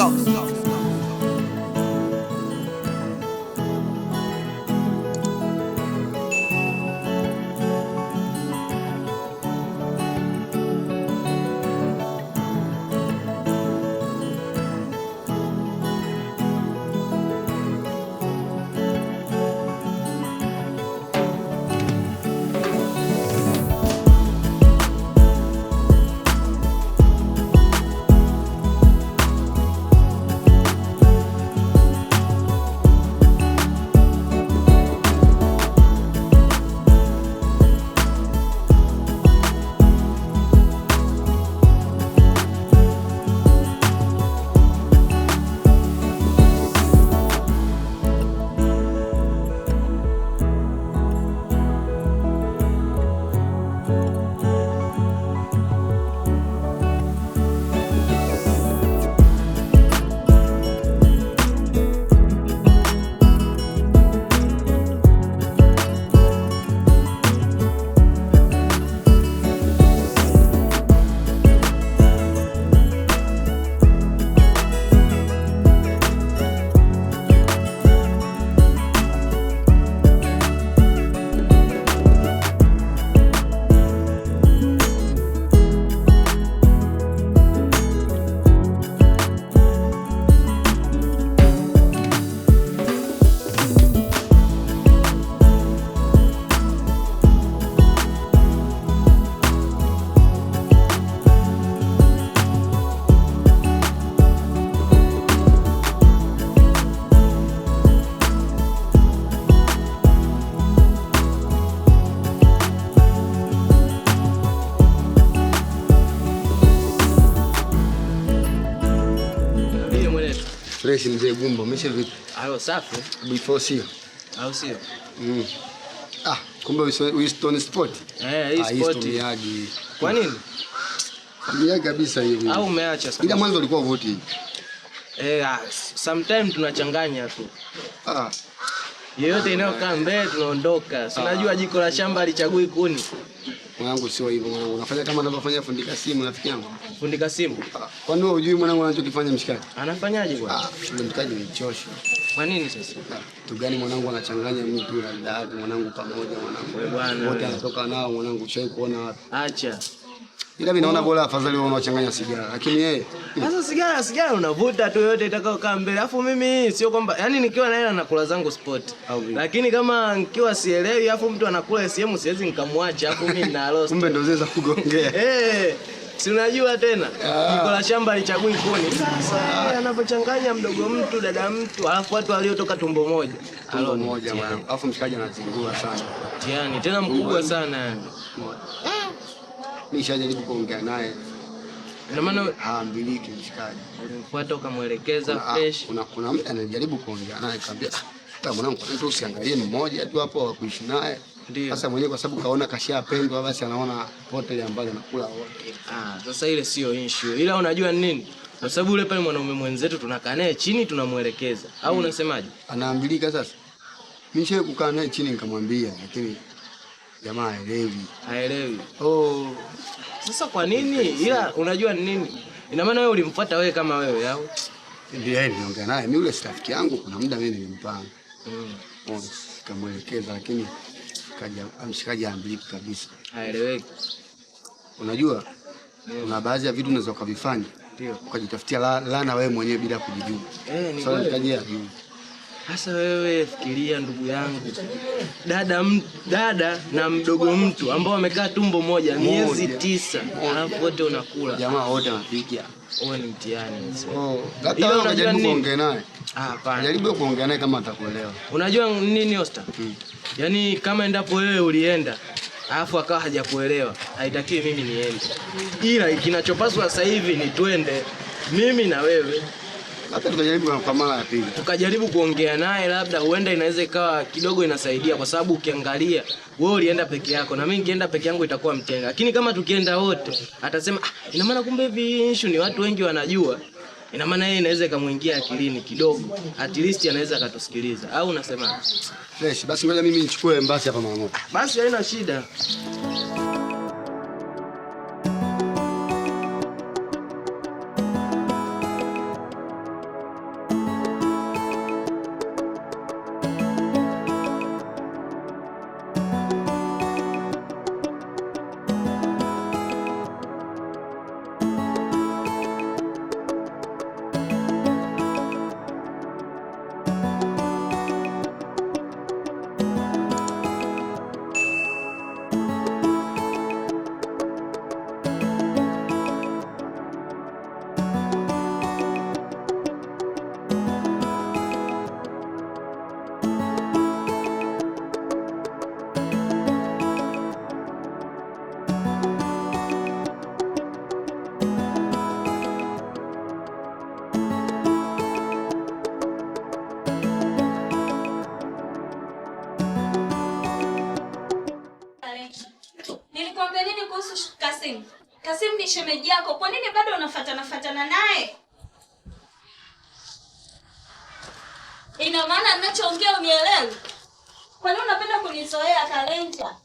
Ghost. stress mzee Gumbo, umesha vipi? Halo safi. Before sio. Au sio? Mm. Ah, kumbe Winston Sport. Eh, hii ah, sport. Kwa nini? Yeye kabisa hiyo. Au umeacha sasa? Ila mwanzo ulikuwa vuti Eh, ah, sometimes tunachanganya tu. Ah. Yeyote inayokaa mbele tunaondoka. Sinajua ah. jiko la shamba alichagui kuni. Mwanangu sio hivyo mwanangu. Unafanya kama anavyofanya fundi Kasimu rafiki yangu. Fundi Kasimu? Ah. Kwa nini hujui mwanangu anachokifanya mshikaji? Anafanyaje bwana? Ah, mshikaji ni mchosho. Kwa nini sasa? Ah, tu gani mwanangu anachanganya mtu na dada mwanangu pamoja mwanangu. Wewe bwana. Wote anatoka nao mwanangu, chai kuona wapi? Acha ila mimi naona bora afadhali wao unachanganya sigara, lakini yeye hmm. sasa sigara sigara unavuta tu yote itakao kaa mbele. Alafu mimi sio kwamba yani, nikiwa na hela nakula zangu spot. lakini kama nikiwa sielewi, alafu mtu anakula SM siwezi nikamwacha, alafu mimi na lost. Kumbe ndio zeza kugongea eh, si unajua tena ah. niko la shamba lichagui kuni. Sasa anapochanganya mdogo mtu dada mtu, alafu watu waliotoka tumbo moja tumbo moja bwana, alafu mshikaji anazingua sana, yani tena mkubwa sana yani eh, nishajaribu kuongea naye ndio maana haambiliki mshikaji. Ulimfuata ukamwelekeza ah, fresh. Kuna kuna mtu anajaribu kuongea naye kaambia, ah, hata mwanangu kwa mtu usiangalie mmoja tu hapo wa kuishi naye. Ndio. Sasa mwenyewe kwa sababu kaona kashapendwa basi anaona pote ile ambayo anakula wote. Ah, sasa ile sio issue. Ila unajua nini? Kwa sababu yule pale mwanaume mwenzetu tunakaa naye chini tunamwelekeza. Au hmm. unasemaje? Anaambilika sasa. Mimi nishaye kukaa naye chini nikamwambia lakini jamaa haelewi, haelewi. Oh, sasa kwa nini? Ila unajua ni nini, ina maana wewe ulimfuata wewe kama wewe au ndio? Yeye naye mimi, yule rafiki yangu, kuna muda mimi nilimpanga mm. Oh, kamwelekeza lakini kaja amshikaji ambiliki kabisa, haeleweki. Unajua mm. Kuna baadhi ya vitu unaweza ukavifanya ukajitafutia laana wewe mwenyewe bila kujijua. Eh, ni kweli. Mm. Hasa wewe fikiria, ndugu yangu, dada m, dada na mdogo mtu ambao wamekaa tumbo moja miezi tisa, alafu wote unakula jamaa wote wanapiga. Wewe ni mtihani oh. Unajaribu kuongea naye ah, hapana, jaribu kuongea naye kama atakuelewa. Unajua nini Osta? hmm. Yaani kama endapo wewe ulienda alafu akawa hajakuelewa, haitakiwi mimi niende, ila kinachopaswa sasa hivi ni twende mimi na wewe hata tukajaribu kwa mara ya pili, tukajaribu kuongea naye, labda huenda inaweza ikawa kidogo inasaidia, kwa sababu ukiangalia wewe ulienda peke yako na mimi nkienda peke yangu itakuwa mtenga, lakini kama tukienda wote atasema ah, ina maana kumbe hivi issue ni watu wengi wanajua ina maana yeye inaweza ikamwingia akilini kidogo, at least anaweza akatusikiliza, au unasema fresh? Basi ngoja mimi nichukue mbasi hapa mama. Basi haina shida. umenizoea Kalenja.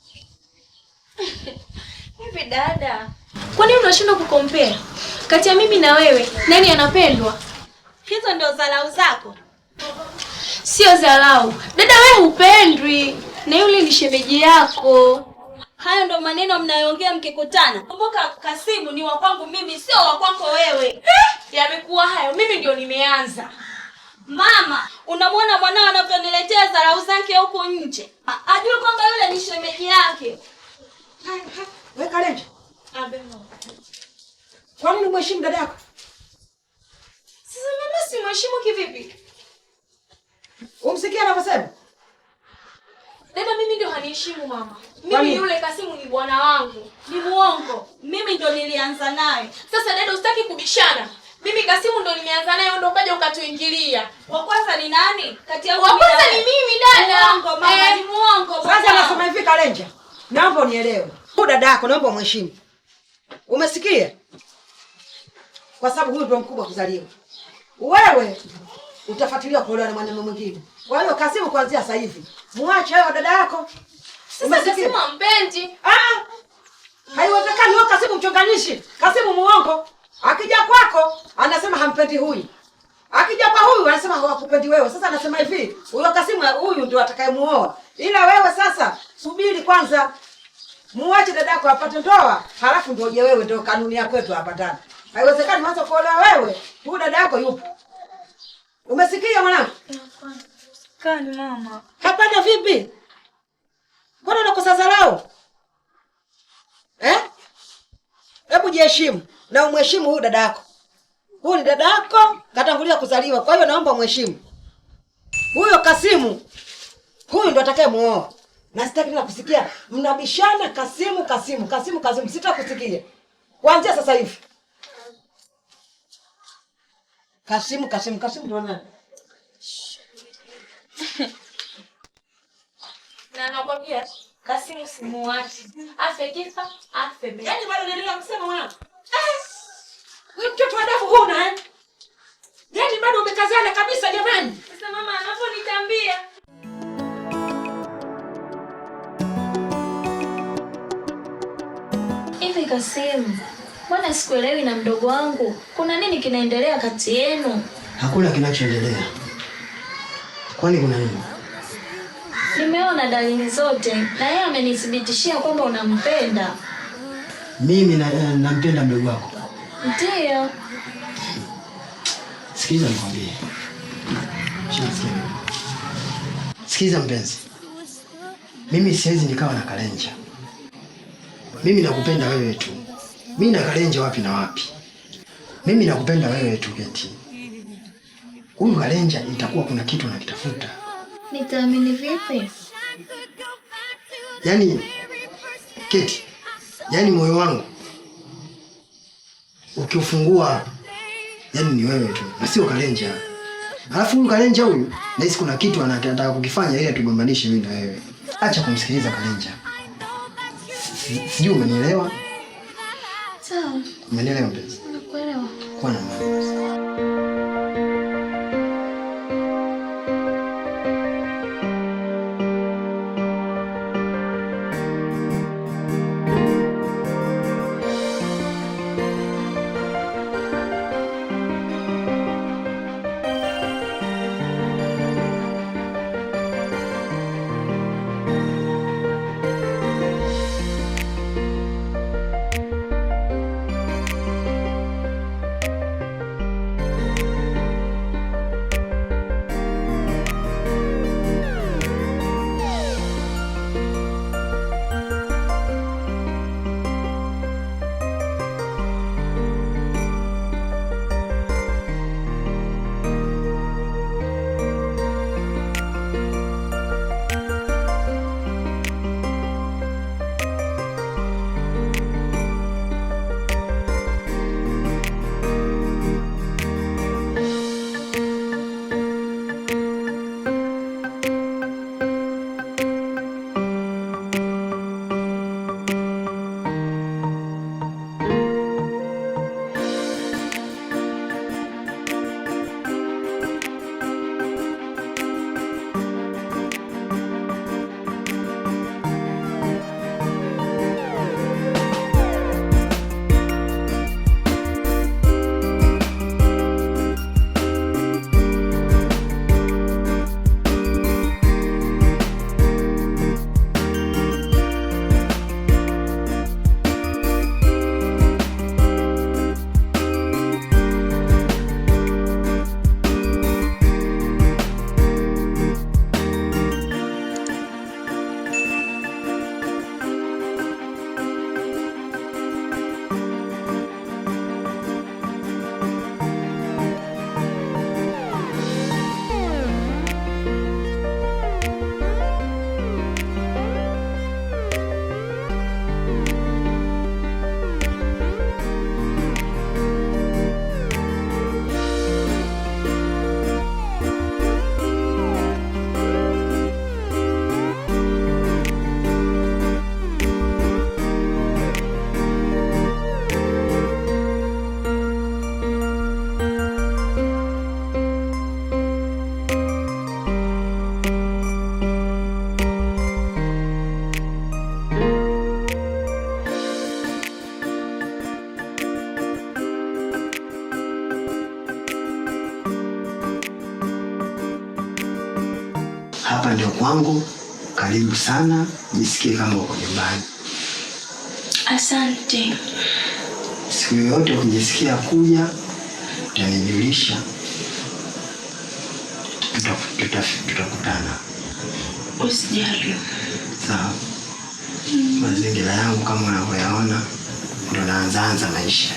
Hivi dada, kwa nini unashindwa kukompea kati ya mimi na wewe? Nani anapendwa? Hizo ndio dharau zako? Sio dharau dada, wewe hupendwi na yule ni shemeji yako. Hayo ndo maneno mnayoongea mkikutana. Kumbuka Kasimu ni wa kwangu mimi, sio wa kwako wewe. Eh? Yamekuwa hayo, mimi ndio nimeanza. Mama, unamwona mwanao anavyoniletea dharau zake huko nje, ajue kwamba yule ni shemeji yake. Weka lente. Kwa nini mheshimu dada yako? Sasa mama, si mheshimu kivipi? Umsikia anavyosema? Dada, mimi ndio haniheshimu mama. Mimi yule Kasimu ni bwana wangu, ni muongo, mimi ndio nilianza naye. Sasa dada, usitaki kubishana mimi Kasimu ndo nimeanza naye, ndo ukaja ukatuingilia. Wa kwanza ni nani? Kati yangu wa kwanza ni mimi dada. Muongo mama, ni eh. muongo. Sasa nasema hivi Kalenja. Naomba unielewe. Huyu dada yako naomba mheshimu. Umesikia? Kwa sababu huyu ndo mkubwa kuzaliwa. Wewe utafuatilia kuolewa na mwanamume mwingine. Kwa hiyo Kasimu, kuanzia sasa hivi muache hayo dada yako. Sasa Kasimu ampendi. Ah! Haiwezekani wewe Kasimu mchonganishi. Kasimu muongo. Akija kwako anasema hampendi huyu, akija kwa huyu anasema hawakupendi wewe. Sasa anasema hivi, huyo Kasimu huyu ndio atakayemuoa, ila wewe sasa subiri kwanza, muache dadako apate ndoa, halafu ndio uje wewe. Ndio kanuni ya kwetu hapa ndani. Haiwezekani mwanzo kuolewa wewe, huyu dadako yupo. Umesikia mwanangu? Kani mama. Hapana vipi? Mbona unakosa dharau? Eh? Hebu jiheshimu na umheshimu huyu dada yako. Huyu ni dada yako, katangulia kuzaliwa. Kwa hiyo naomba umheshimu huyo Kasimu, huyu ndo atakaye muoa. Na sitaki na kusikia mnabishana Kasimu, Kasimu, Kasimu, Kasimu, sitaki kusikia kuanzia sasa hivi. Kasimu, Kasimu, Kasimu ndo nani? Na nakwambia Kasimu simuachi. Afe kifa, afe Yaani bado nililomsema mwana. Wewe eh, mtoto adabu huna eh? Yaani bado umekazana kabisa jamani. Sasa mama anaponitambia hivi, Kasimu, mbona sikuelewi na mdogo wangu, kuna nini kinaendelea kati yenu? Hakuna kinachoendelea. Kwani kuna nini? Nimeona dalili zote na yeye amenithibitishia kwamba unampenda. Mimi eh, nampenda na mdogo wako. Ndio. Sikiza nikwambie. Sikiza mpenzi, mimi siwezi nikawa na Kalenja. Mimi nakupenda wewe tu. Mimi na Kalenja wapi na wapi? Mimi nakupenda wewe tu Keti. Huyu Kalenja itakuwa kuna kitu nakitafuta. Nitaamini vipi? Yaani Keti yaani moyo wangu ukiufungua, yaani ni wewe tu na sio Kalenja. Alafu huyu Kalenja huyu nahisi kuna kitu anataka kukifanya ili atugombanishe mimi na wewe. Acha kumsikiliza Kalenja, sijui umenielewa? Sawa, umenielewa mpenzi? Nakuelewa. Kwa nini? Karibu sana, jisikie kama uko nyumbani. Asante. Siku yoyote ukijisikia kuja, utanijulisha, tutakutana. Usijali. Sawa. Mm. Mazingira yangu kama unavyoyaona ndo naanzaanza maisha.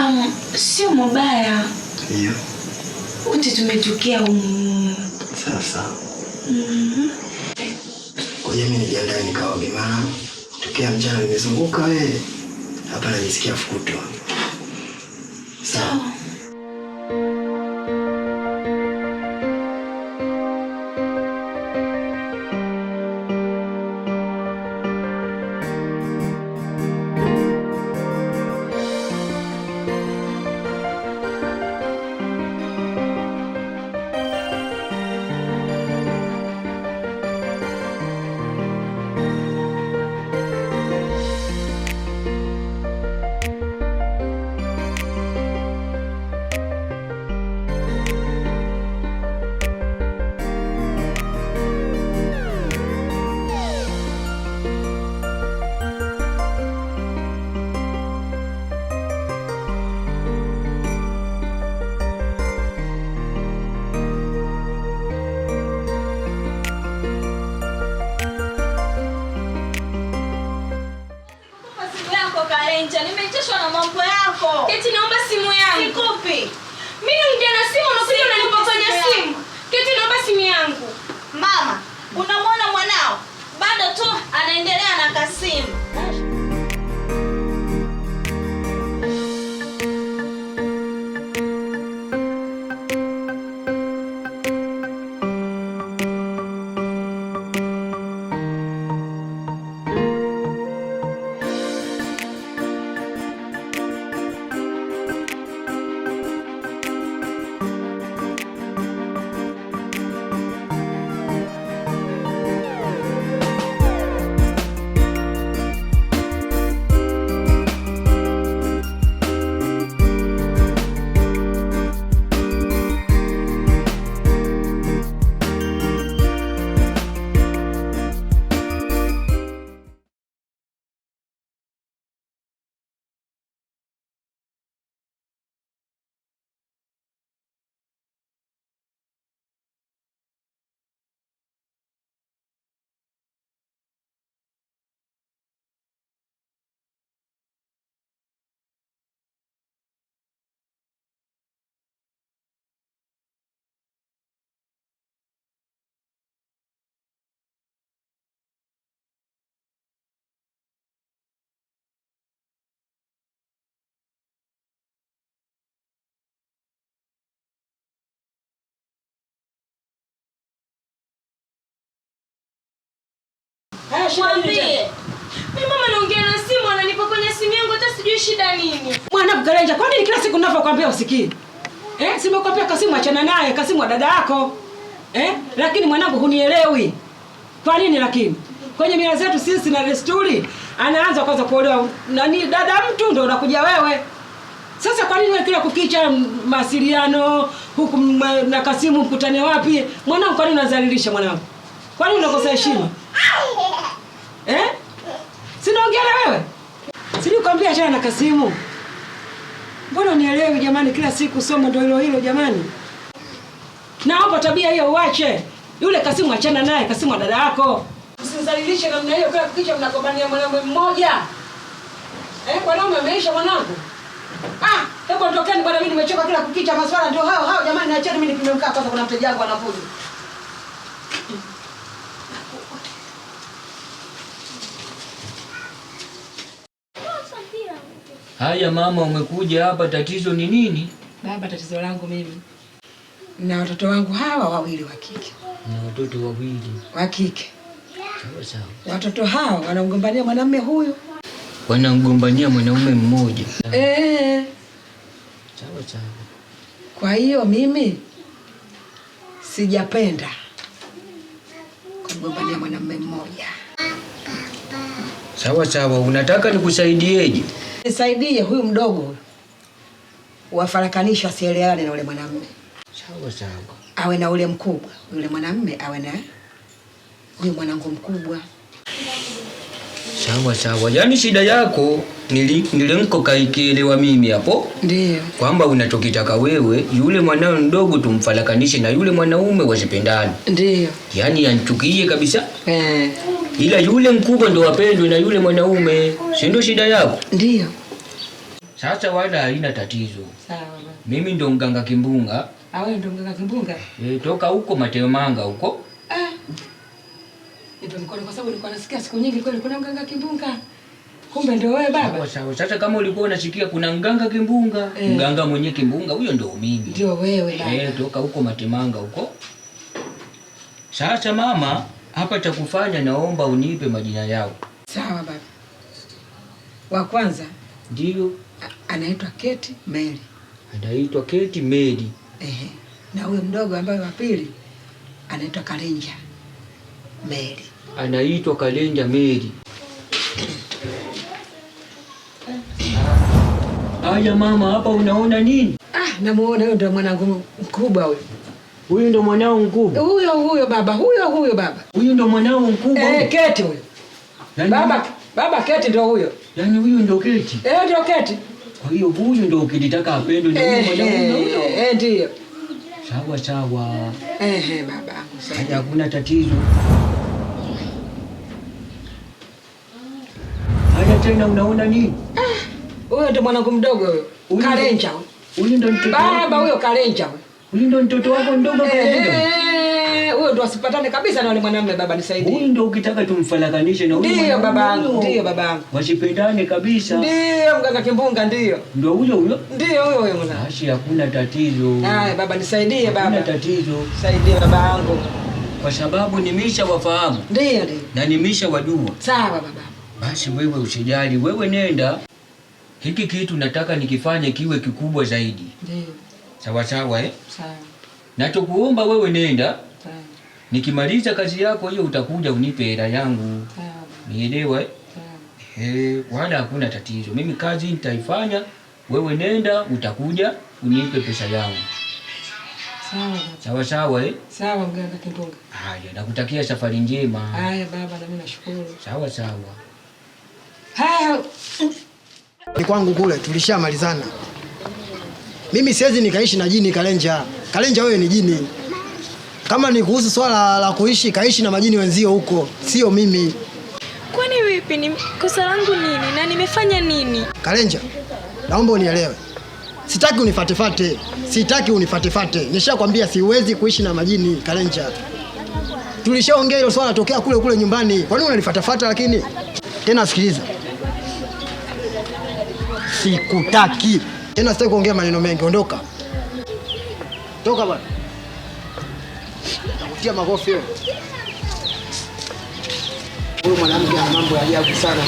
Um, sio mubaya. Ndio. Uti tumetokea umu. Sawa sawa. Mm -hmm. Ngoja mimi nijiandae nikaoge, maana tokea mchana nimezunguka wewe eh. hapa, najisikia fukuto. Sawa. Mwambie. Mimi mama naongea na simu ananipa kwenye simu yangu hata sijui shida nini. Mwana Mkalenja, kwa nini kila siku ninavyokuambia usikii? Eh, simekwambia Kasimu achana naye, Kasimu dada yako. Eh? Lakini mwanangu hunielewi. Kwa nini lakini? Kwenye mila zetu sisi na desturi anaanza kwanza kuolewa nani dada mtu ndio unakuja wewe. Sasa kwa nini kila kukicha mawasiliano huku na Kasimu mkutane wapi? Mwanangu kwa nini unazalilisha mwanangu? Kwani unakosa heshima? Eh? Si naongea na wewe? Si nikwambia achana na Kasimu. Mbona unielewi jamani, kila siku somo ndio hilo hilo jamani. Naomba tabia hiyo uache. Yule Kasimu achana naye, Kasimu dada yako. Usinizalilishe namna hiyo kila kukicha mnakobania mwanangu mmoja. Eh, wanaume wameisha mwanangu. Ah, hebu ondokeni bwana, mimi nimechoka kila kukicha maswala ndio hao hao jamani, niacheni mimi nipime kwanza, kuna mteja wangu anavuja. Haya mama, umekuja hapa, tatizo ni nini? Baba, tatizo langu mimi na watoto wangu hawa wawili wa kike. Na watoto wawili wa kike. Sawa sawa. Watoto hawa wanamgombania mwanamume huyu, wanamgombania mwanaume mmoja. Eh, eh. Sawa sawa. Kwa hiyo mimi sijapenda kumgombania mwanamume mmoja. Sawa sawa, unataka nikusaidieje? Nisaidie huyu mdogo wafarakanisha asielewane na ule mwanamume. Awe na ule mkubwa, yule mwanamume awe na huyu mwanangu mkubwa. Sawa sawa. Yaani shida yako nili nilenko kaikielewa mimi hapo. Ndio. Kwamba unachokitaka wewe yule mwanao mdogo tumfarakanishe na yule mwanaume wasipendane. Ndio. Yaani anchukie kabisa eh. Ila yule mkubwa ndo wapendwe na yule mwanaume, si ndio shida yako? Ndio. Sasa wala haina tatizo. Sawa. Mimi ndo mganga kimbunga. Ah, wewe ndo mganga kimbunga? Eh, toka huko Mateo Manga huko. Ah. Ndio mkono kwa sababu nilikuwa nasikia siku nyingi kweli kuna mganga kimbunga. Kumbe ndio wewe baba. Sawa, sasa kama ulikuwa unasikia kuna mganga kimbunga, eh, mganga mwenye kimbunga huyo ndio mimi. Ndio wewe baba. Eh, toka huko Matemanga huko. Sasa mama, hapa cha kufanya, naomba unipe majina yao. Sawa baba. Wa kwanza ndio anaitwa Keti Meli, anaitwa Keti Meli. Ehe, na huyo mdogo ambaye wa pili anaitwa Kalenja Meli, anaitwa Kalenja Meli. aya mama, hapa unaona nini? Ah, namuona huyo ndo mwanangu mkubwa huyo Huyu ndo mwanao mkubwa. Huyo huyo baba, huyo huyo baba. Huyu ndo mwanao mkubwa. Eh, Keti huyo. Yani, baba baba Keti ndo huyo. Yaani huyu ndo Keti. Eh, ndo Keti. Kwa hiyo huyu ndo ukitaka apendwe na huyu eh, mwanao eh, huyo. Eh, ndio. Sawa sawa. Eh, eh baba. Sasa hakuna tatizo. Haya tena unaona nini? Ah, huyo ndo mwanangu mdogo huyo. Karenja huyo. Huyu ndo baba huyo Karenja huyo. Huyu ndo mtoto wako ndogo mdogo huyo, ndo asipatane kabisa na yule mwanamume. Baba nisaidie, huyu ndo ukitaka tumfarakanishe na huyo. Ndio babangu, ndio babangu, wasipendane kabisa. Ndio mganga Kimbunga, ndio ndo huyo huyo, ndio huyo huyo. Basi hakuna tatizo. Haya baba nisaidie, baba hakuna tatizo, saidia babangu, kwa sababu nimisha wafahamu, ndio ndio, na nimisha wajua. Sawa baba, basi wewe usijali, wewe nenda. Hiki kitu nataka nikifanye kiwe kikubwa zaidi, ndio Sawa sawa eh? Sawa. Nachokuomba wewe nenda. Sawa. Nikimaliza kazi yako hiyo utakuja unipe hela yangu. Sawa. Nielewa eh? Eh, wala hakuna tatizo. Mimi kazi nitaifanya, wewe nenda utakuja unipe pesa yangu. Sawa. Sawa sawa eh? Sawa mganga Haya, nakutakia safari njema. Haya baba, na mimi nashukuru. Sawa sawa. Haya. Ni kwangu kule tulishamalizana. Mimi siwezi nikaishi na jini Kalenja. Kalenja wewe ni jini. Kama ni kuhusu swala la kuishi, kaishi na majini wenzio huko, sio mimi. Kwani vipi? Ni kosa langu nini na nimefanya nini? Kalenja, naomba unielewe. Sitaki unifatefate, sitaki unifatefate. Nishakwambia siwezi kuishi na majini Kalenja. Tulishaongea hilo swala tokea kule kule nyumbani. Kwa nini unanifatafata? Lakini tena sikiliza, sikutaki. Tena sitaki kuongea maneno mengi, ondoka. Toka bwana. Nakutia makofi wewe. Huyu mwanamke ana mambo ya ajabu sana.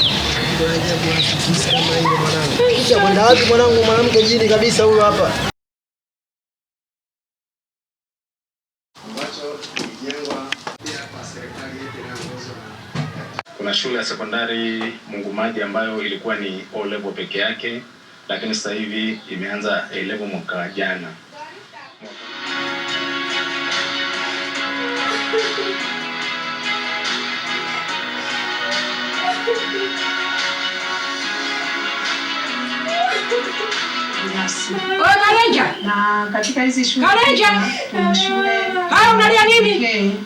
Kisha kwenda wapi mwanangu, mwanamke jini kabisa huyo hapa. Kuna shule ya sekondari mungu maji ambayo ilikuwa ni O level peke yake lakini sasa hivi imeanza elevo mwaka wa jana. Na katika hizi shule. Karenja, unalia nini?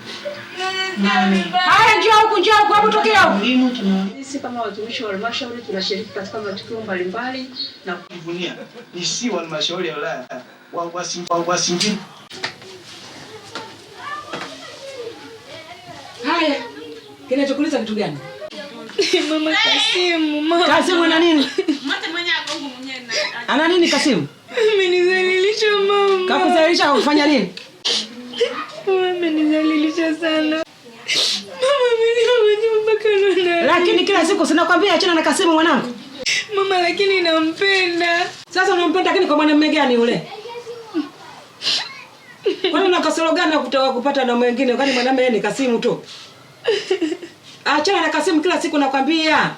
Haya, njoo huku, njoo huku, hebu tokea huku. Sisi kama watumishi wa halmashauri tunashiriki katika matukio mbalimbali na kujivunia. Ni si wa halmashauri ya wilaya wa Uasingishu. Haya, kinachokuuliza kitu gani? Mama Kasimu, mama. Kasimu ana nini? Mate mwenye hapo mwenyewe na. Ana nini Kasimu? Amenizalilisha mama. Kakuzalilisha kufanya nini? amenizalilisha sana. kila siku, sinakwambia achana na Kasimu mwanangu. Mama, lakini nampenda. Sasa unampenda lakini kwa mwanamume gani yule? Kwani una kasoro gani ya kutaka kupata na mwingine? Kwani mwanamume yeye ni Kasimu tu. Achana na Kasimu kila siku nakwambia.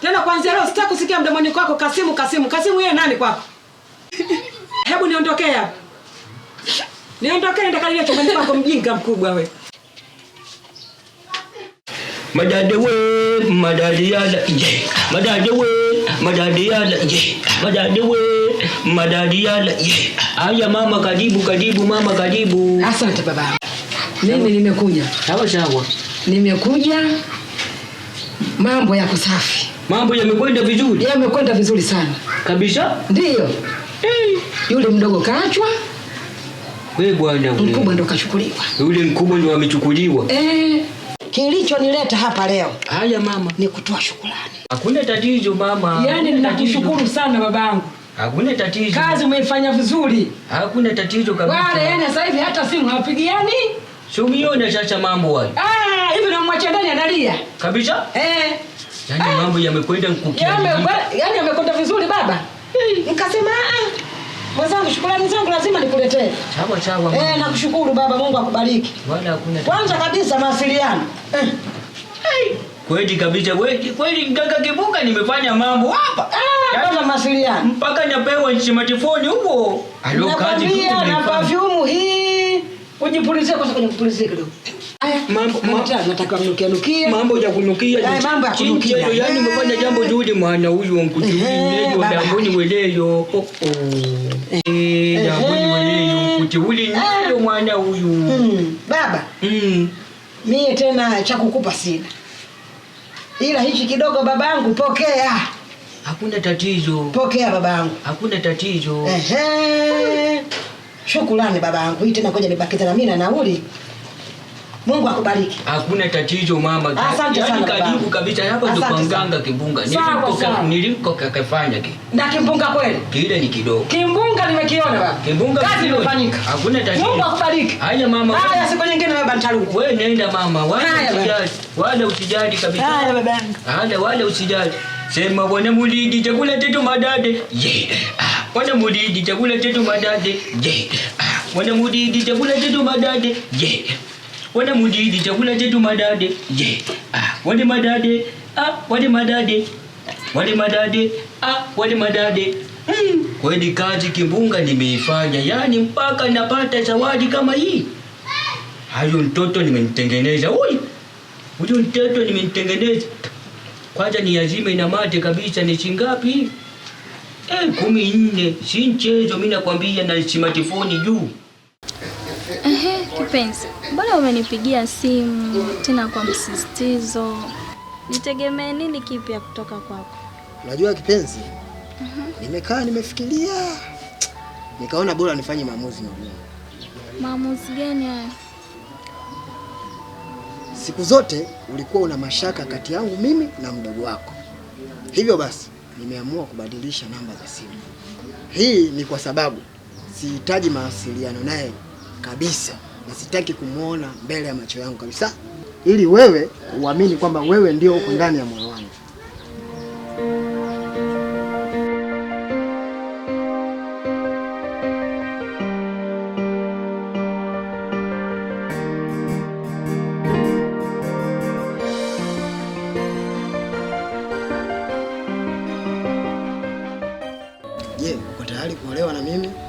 Tena kwanza leo sitaki kusikia mdomoni kwako Kasimu Kasimu. Kasimu yeye nani kwako? Hebu niondokee hapa. Niondokee nitakalile chumbani kwako mjinga mkubwa wewe madadawe madadiyada ye madadawe madadiyada ye madadawe madadiyada ye. Aya mama, karibu karibu mama, karibu. Asante baba, mimi nimekuja sawa sawa, nimekuja mambo yako safi, mambo yamekwenda vizuri, yamekwenda vizuri sana kabisa. Ndiyo hey. Yule mdogo kaachwa we bwana, mkubwa ndo kachukuliwa. Yule mkubwa ndo amechukuliwa eh. Kilichonileta hapa leo haya mama, ni kutoa shukrani. Hakuna tatizo mama, yaani ninakushukuru sana babangu. Hakuna tatizo, kazi umeifanya vizuri, hakuna tatizo kabisa. Wale yani sasa hivi hata simu hawapigiani, si umeona sasa mambo wale. Ah, hivi na mwache ndani analia kabisa eh, yani eh. mambo yamekwenda nkukia. mkukia, yaani yamekwenda vizuri baba. Nikasema ah Mwenzangu, shukrani zangu lazima nikuletee. Chawa chawa. Eh, nakushukuru baba, Mungu akubariki. Wala hakuna. Kwanza kabisa mawasiliano. Eh. Hey. Kweli kabisa, kweli kweli gaga kibuka nimefanya mambo hapa. Ah, kama mawasiliano. Mpaka nyapewa smartphone huko. Alio kazi tu. Na perfume hii. Ujipulizie kwanza kwenye kupulizia kidogo mambo ya kunukia eh, yani, umefanya eh. jambo zuri mwana huyu nkutiulineyo eh, damboni weleyo damboni oh, oh. weleyo nkutiulineyo ah. mwana huyu hmm, baba. Hmm. Mie tena chakukupa sina, ila hichi kidogo babangu, pokea. Hakuna tatizo, pokea babangu, hakuna tatizo. Ehe, babangu. Hii tena koja nibakiza na mimi na nauli Mungu akubariki. Hakuna tatizo mama. Asante sana. sana. Yaani karibu kabisa hapa ndo kwa mganga Kimbunga. Nilimkoka kafanya ki. Na Kimbunga kweli? Kile ni kidogo. Kimbunga nimekiona baba. Kimbunga kazi imefanyika. Hakuna tatizo. Mungu akubariki. Haya mama. Haya siku nyingine baba nitaruka. Wewe nenda mama. Wala usijali. Wala usijali kabisa. Haya baba yangu. Haya wala usijali. Sema bwana mulidi chakula chetu madade. Ye. Ah, bwana mulidi chakula chetu madade. Ye. Ah, bwana mulidi chakula chetu madade. Yeah. Wada mujidi, chakula chetu madade. Je, ah, wade madade. Ah, wade madade. Wade madade. Ah, wade madade. Mm, kweli kazi kimbunga nimeifanya, yani mpaka napata zawadi kama hii. Hayo mtoto nimemtengeneza. Oi. Huyo mtoto nimemtengeneza. Kwanza ni yazime na mate kabisa ni shingapi? Eh, kumi nne. Si mchezo mimi nakwambia na simatifoni juu. Ehe, kipenzi, mbona umenipigia simu tena kwa msisitizo? Nitegemee nini kipya kutoka kwako? Unajua kipenzi, Nimekaa nimefikiria, nikaona bora nifanye maamuzi magumu. Maamuzi gani haya? Siku zote ulikuwa una mashaka kati yangu mimi na mdogo wako, hivyo basi nimeamua kubadilisha namba za simu. Hii ni kwa sababu sihitaji mawasiliano naye kabisa, na sitaki kumwona mbele ya macho yangu kabisa, ili wewe uamini kwamba wewe ndio uko ndani ya moyo wangu. Je, uko tayari kuolewa na mimi?